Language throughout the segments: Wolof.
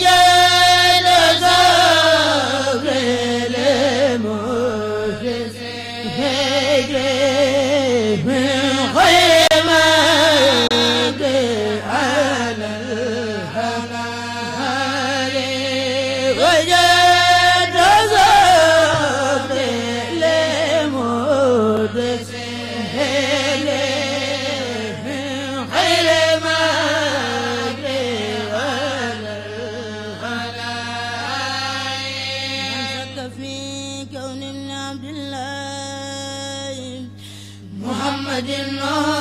yeah أجنون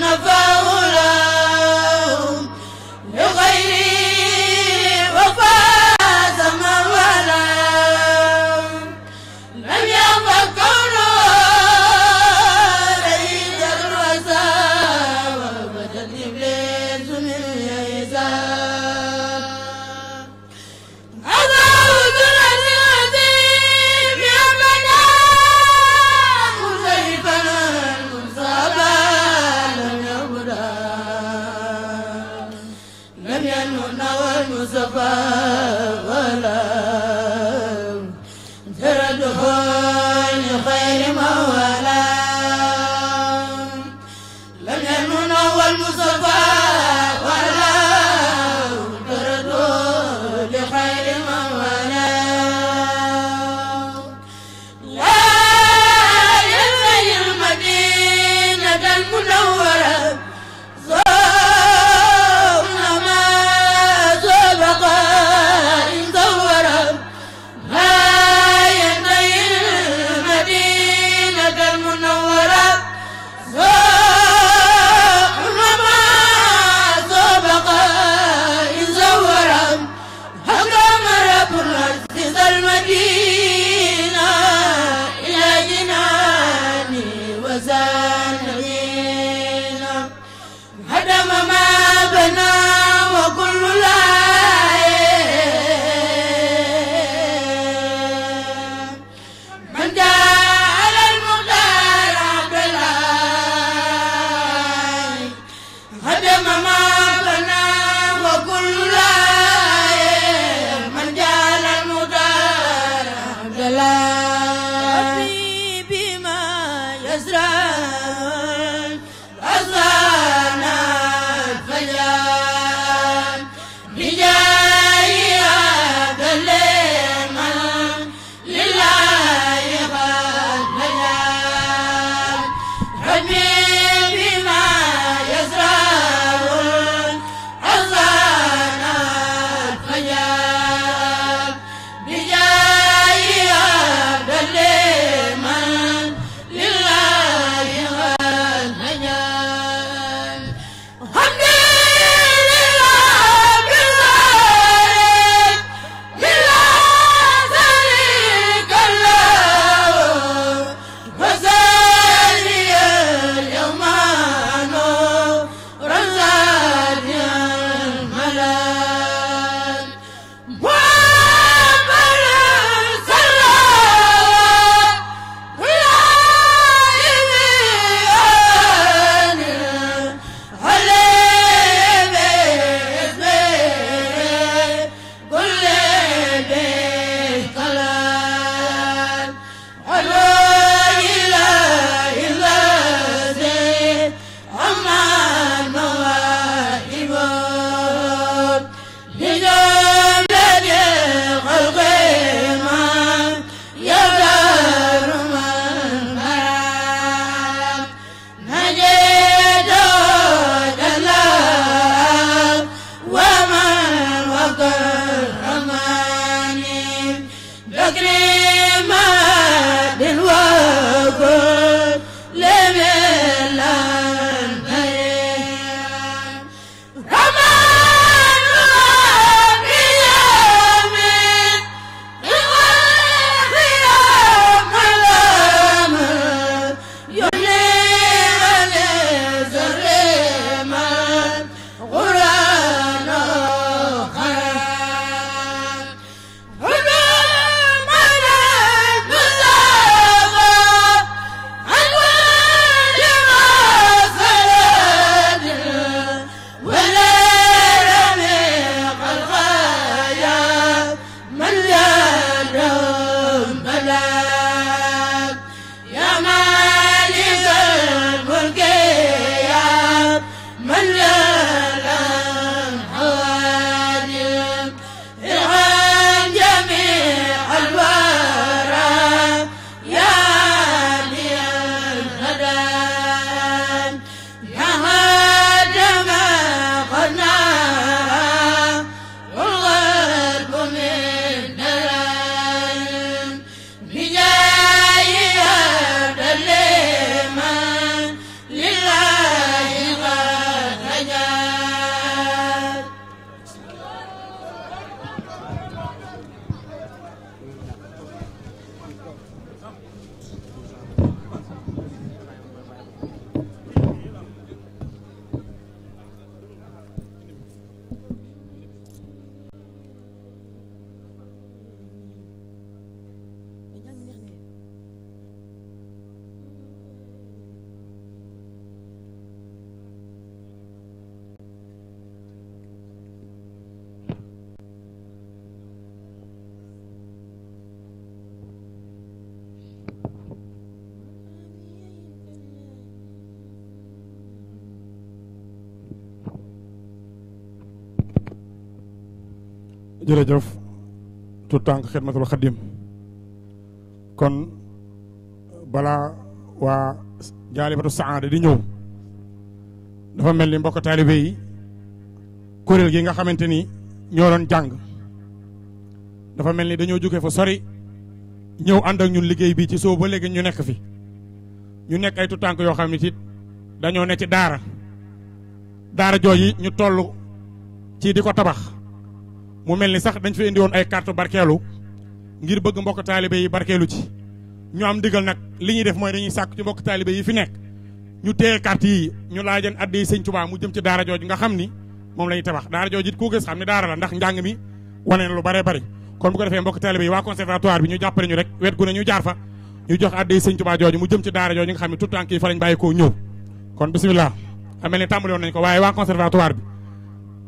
na ra jërëjëf tout tànk xidmatul xadim kon balaa waa jaalibatu saada di ñëw dafa mel ni mbokk taalibe yi kuréel gi nga xamante ni ñoo doon jàng dafa mel ni dañoo jóge fa sori ñëw ànd ak ñun liggéey bi ci soow ba léegi ñu nekk fi ñu nekk ay tutànk yoo xam ne it dañoo nekk ci daara daara yi ñu toll ci di ko tabax mu mel ni sax dañ fi indi woon ay carte barkeelu ngir bëgg mbokk taalibe yi barkeelu ci ñu am digal nag li ñuy def mooy dañuy sàkk ci mbokk taalibe yi fi nekk ñu téye carte yi ñu laajan addi yi sëñ Tuubaa mu jëm ci daara jooju nga xam ni moom la ñuy tabax daara koo gis ne daara la ndax njàng mi wane na lu bare bari kon bu ko mbokk taalibe yi waa conservatoire bi ñu jàppale ñu rek wet gu ne ñu fa ñu jox addi yi mu jëm ci daara jooju nga xam ne tout temps kii fa lañ bàyyi koo ñëw kon a mel ne tàmbali woon nañ ko waaye waa conservatoire bi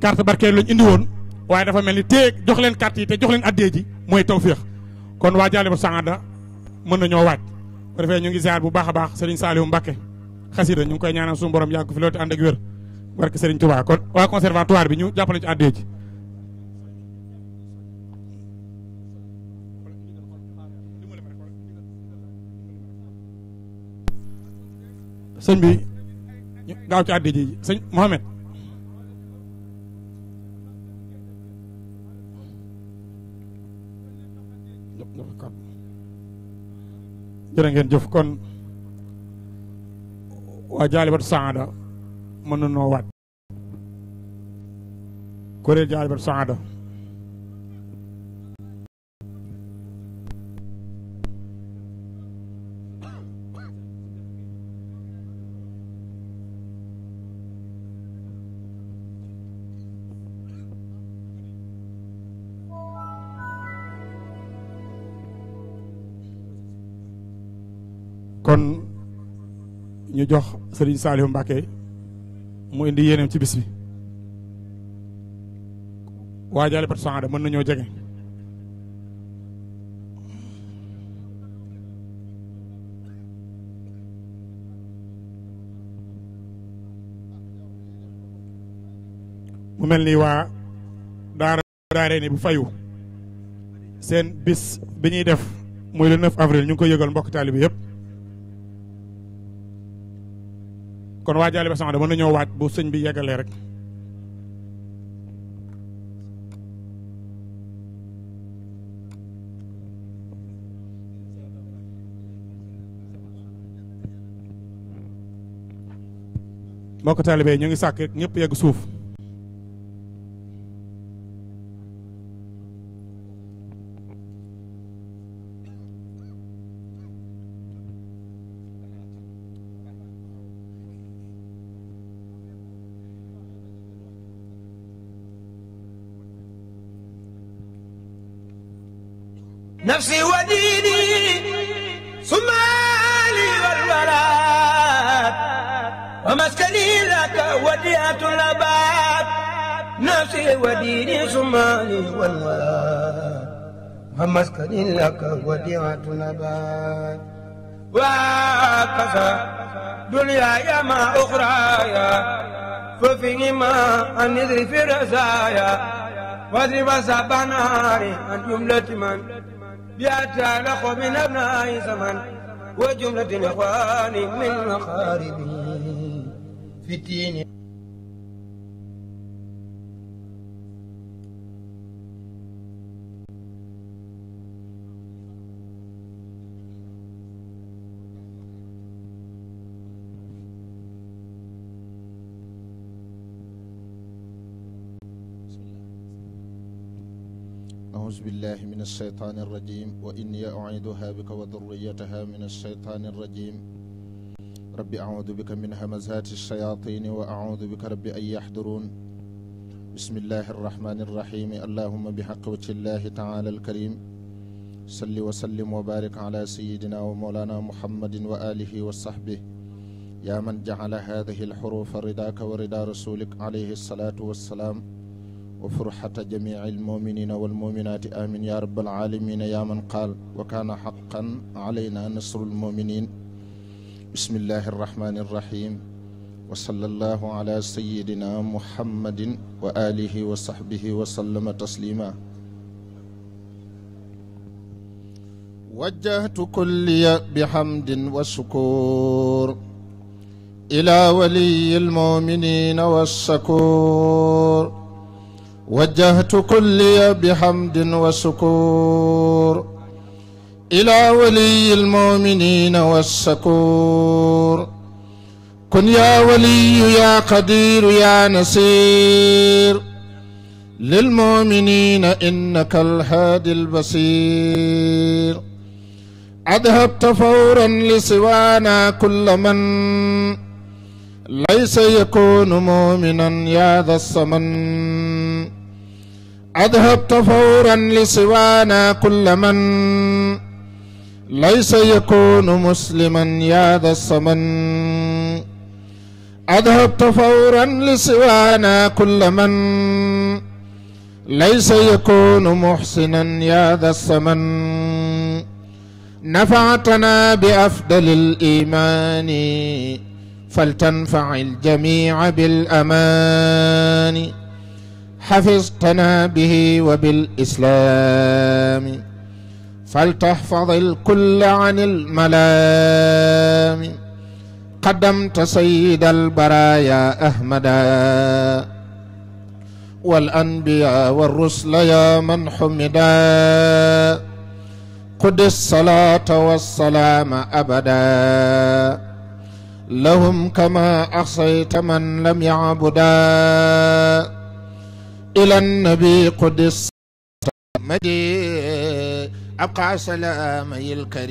carte barkeelu lañ indi woon waaye dafa mel ni téye jox leen carte yi te jox leen addee ji mooy tawféex kon waa Jaalibu Saada mën nañoo waaj bu defee ñu ngi ziar bu baax a baax Serigne Saliou Mbacke xasida ñu ngi koy ñaanal suñu borom yàgg fi loolu te ànd ak wér barke Serigne Touba bi ñu jàppale ci addee ji bi gaaw sëñ Mohamed jërë ngeen jëf kon waa jaalibatu saada mën na noo waat kuréel jaalibatu saada jox sëriñ Saliou Mbacke mu indi yéeneem ci bis bi waa Jalle Pate Sangaada mën nañoo jege. mu mel ni waa Daara bu fayu seen bis bi ñuy def muy le 9 avril ñu ngi koy yëgal mbokk taalibe yëpp. kon waajaale ba sama dama na ñëw waaj bu sëñ bi yeggalee rek mbokk taalibe ñu ngi sàkk ñëpp yegg suuf نفسي وديني سمالي والولاد ومسكني لك وديعة الأباد نفسي وديني سمالي والولاد ومسكني لك وديعة الأباد وهكذا دنياي ما أخرايا ففيهما أن يدري في رزايا واضرب سبع ناري عن جملة من بأتى نخو من أبناء زمن وجملة إخواني من مخاربي في الدين أعوذ بالله من الشيطان الرجيم وإني أعيدها بك وذريتها من الشيطان الرجيم رب أعوذ بك من همزات الشياطين وأعوذ بك رب أن يحضرون بسم الله الرحمن الرحيم اللهم بحق وجه الله تعالى الكريم صل وسلم وبارك على سيدنا ومولانا محمد وآله وصحبه يا من جعل هذه الحروف رداك وردا رسولك عليه الصلاة والسلام wa furxata jamici almuminina walmuminaati amin ya rabbal alamina ya man qaal wa kaana xaqan alayna nasru almuminin bismillahi arrahmani arrahim wa sallallahu ala sayidina muhammadin wa alihi wa sahbihi wa sallama taslima وجهت كلي بحمد وشكور إلى ولي المؤمنين والشكور وجهت كلي بحمد وشكور إلى ولي المؤمنين والشكور كن يا ولي يا قدير يا نصير للمؤمنين إنك الهادي البصير أذهبت فورا لسوانا كل من ليس يكون مؤمنا يا ذا الصمن أذهبت فورا لسوانا كل من ليس يكون مسلما يا ذا الصمن أذهبت فورا لسوانا كل من ليس يكون محسنا يا ذا الصمن نفعتنا بأفضل الإيمان فلتنفع الجميع بالأمان حفظتنا به وبالإسلام فلتحفظ الكل عن الملام قدمت سيد البرايا أحمدا والأنبياء والرسل يا من حمدا قد الصلاة والسلام أبدا لهم كما أحصيت من لم يعبدا إلى النبي قدس مجيء أبقى سلامي الكريم